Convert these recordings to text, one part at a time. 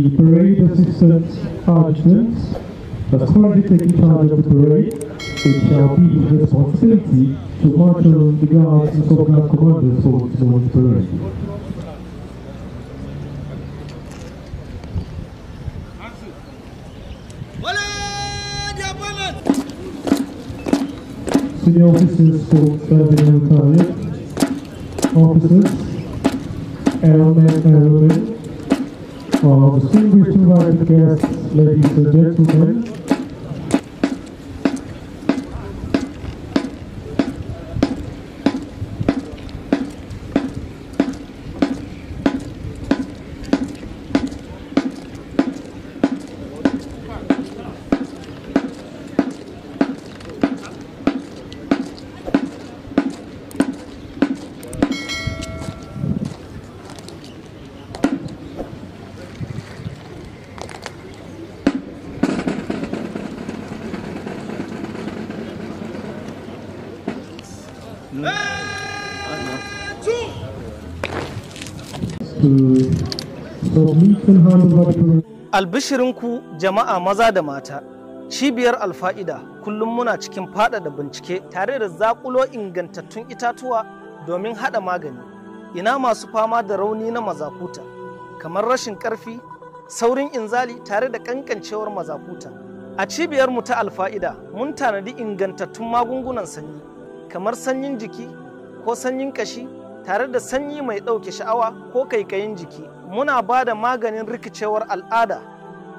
the parade assistant sergeant as currently taking charge of the parade, it shall be his responsibility to marshal the guards and so commanders for the parade. Senior officers for serving and officers, airmen and of distinguished invited guests, ladies and gentlemen. ku Albishirinku jama'a maza da mata, cibiyar alfa'ida kullum muna cikin faɗaɗa bincike tare da zakulo ingantattun itatuwa domin haɗa magani. Ina masu fama da rauni na mazakuta, kamar rashin ƙarfi, saurin inzali tare da ƙanƙancewar mazakuta. A cibiyarmu ta alfa'ida mun tanadi ingantattun magungunan sanyi, kamar sanyin jiki ko sanyin ƙashi tare da sanyi mai ɗauke sha'awa ko kaikayin jiki muna ba da maganin rikicewar al'ada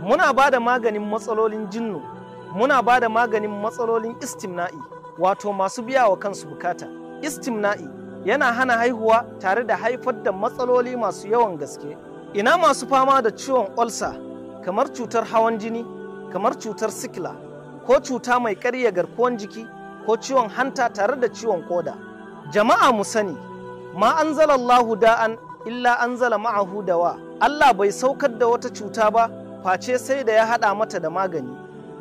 muna ba da maganin matsalolin jinnu muna ba da maganin matsalolin istimna'i wato masu biya wa kansu bukata istimna'i yana hana haihuwa tare da haifar da matsaloli masu yawan gaske ina masu fama da ciwon olsa kamar cutar hawan jini kamar cutar sikila ko cuta mai karya garkuwan jiki ko ciwon hanta tare da ciwon koda jama'a mu sani ma an zala anzalallahu da'an illa an anzala ma'ahu dawa Allah bai saukar da wata cuta ba face sai da ya haɗa mata da magani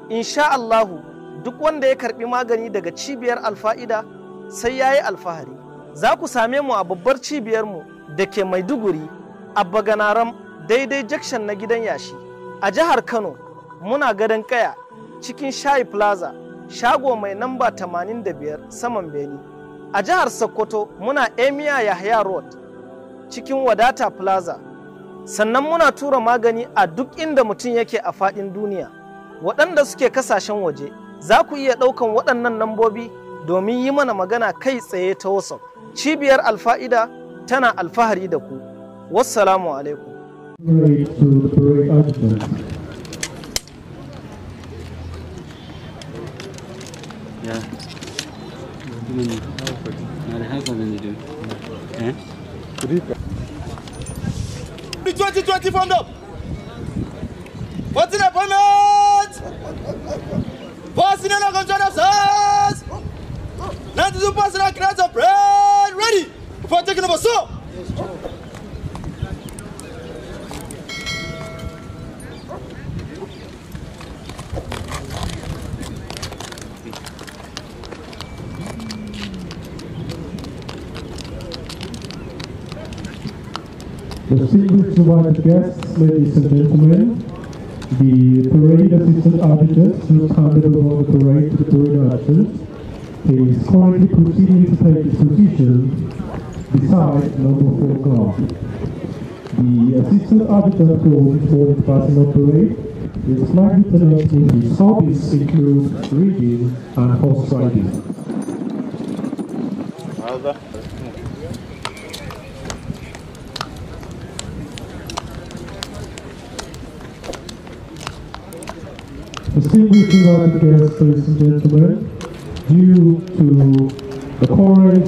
insha Allahu duk wanda ya karɓi magani daga cibiyar alfa'ida sai yayi alfahari za ku same mu a babbar cibiyar mu da ke Maiduguri a Baganaram daidai jakshan na gidan yashi a jihar Kano muna gadon kaya cikin Shayi Plaza shago mai namba 85 saman Beni a jihar sokoto muna emia yahya road cikin wadata plaza sannan muna tura magani a duk inda mutum yake a faɗin duniya waɗanda suke kasashen waje za ku iya ɗaukan waɗannan nambobi domin yi mana magana kai tsaye ta whatsapp cibiyar alfa'ida tana alfahari da ku wassalamu alaikum Yeah. No, it has nothing to do. Eh? The 2020 formed up. What's in appointment? Passing control of stars. Not to do personal of bread. Ready. Distinguished invited guests, ladies and gentlemen, the parade assistant arbiters responsible over the parade to the parade archers is currently proceeding to take his position beside number 4 car. The assistant arbiter for the personal parade is slightly connected his hobbies include reading and horse riding. Distinguished invited guests, ladies and gentlemen, due to the current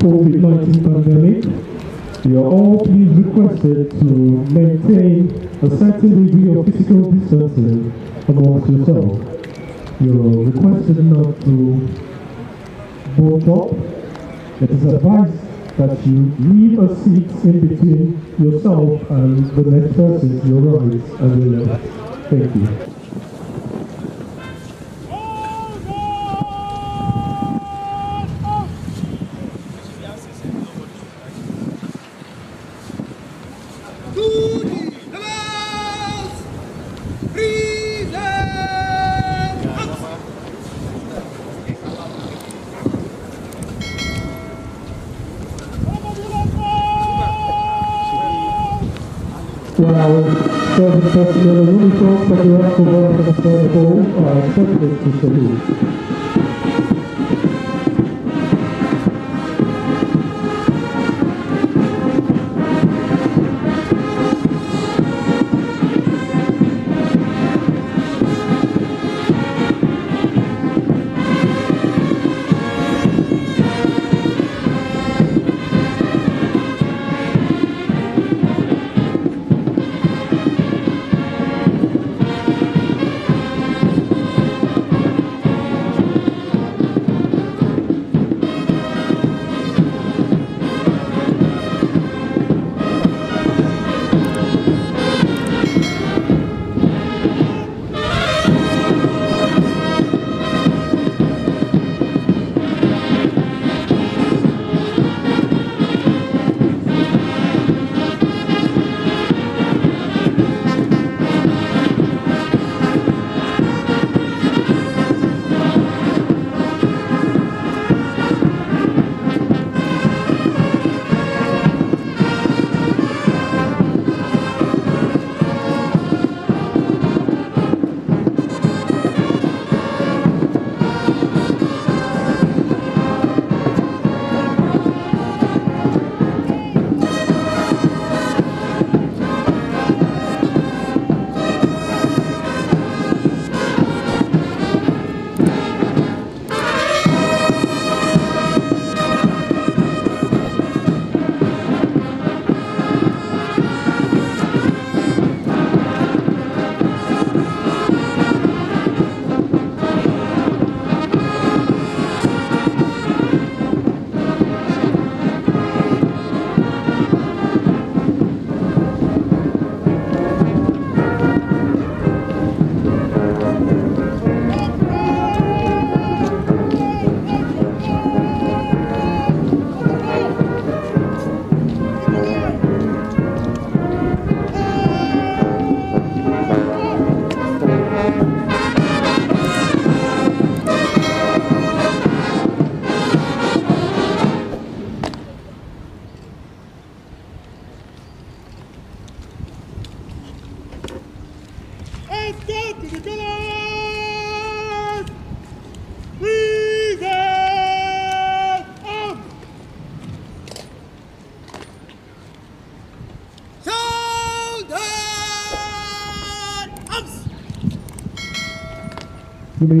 COVID-19 pandemic, we are all please requested to maintain a certain degree of physical distancing amongst yourselves. You're requested not to bolt up. It is advised that you leave a seat in between yourself and the next person, your right and your left. Thank you. when I was serving President Uniform for the Electoral Board of the State uh, to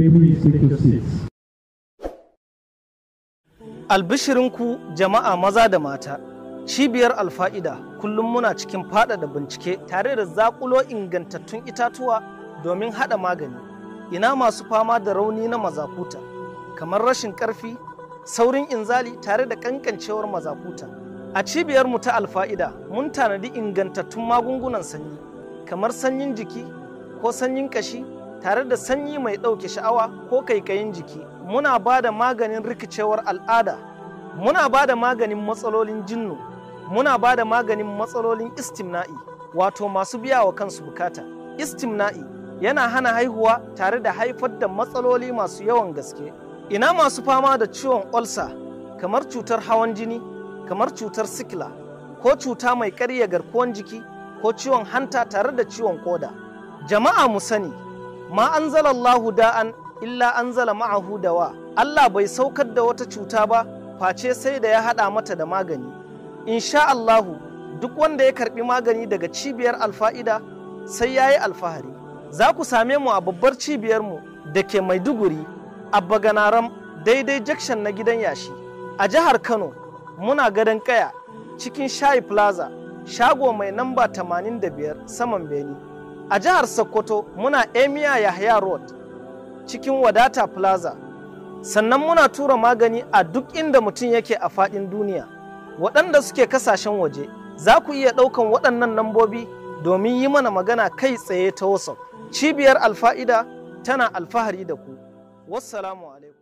Bible ku Albishirinku jama'a maza da mata, cibiyar alfa'ida kullum muna cikin da bincike tare da zakulo ingantattun itatuwa domin haɗa magani. Ina masu fama da rauni na mazakuta, kamar rashin ƙarfi, saurin inzali tare da ƙanƙancewar mazakuta. A cibiyarmu ta alfa'ida mun tanadi ingantattun magungunan sanyi, kamar sanyin jiki ko sanyin ƙashi tare da sanyi mai ɗauke sha'awa ko kaikayin jiki muna ba da maganin rikicewar al'ada muna ba da maganin matsalolin jinnu muna ba da maganin matsalolin istimna'i wato masu biya wa kansu bukata istimna'i yana hana haihuwa tare da haifar da matsaloli masu yawan gaske ina masu fama da ciwon olsa kamar cutar hawan jini kamar cutar sikila ko cuta mai karya garkuwan jiki ko ciwon hanta tare da ciwon koda jama'a mu sani ma Allahu da'an illa an anzala ma'ahu wa. Allah bai saukar da wata cuta ba face sai da ya haɗa mata da magani insha Allahu duk wanda ya karɓi magani daga cibiyar alfa'ida sai ya yi alfahari za ku same mu a babbar cibiyar mu da ke maiduguri a baganaram daidai jakshan na gidan yashi a jihar kano muna gadon kaya cikin Shai plaza shago mai namba 85 saman beni a jihar sokoto muna emia yahya road cikin wadata plaza sannan muna tura magani a duk inda mutum yake a faɗin duniya waɗanda suke kasashen waje za ku iya ɗaukan waɗannan nambobi domin yi mana magana kai tsaye ta wasu cibiyar alfa'ida tana alfahari da ku wassalamu alaikum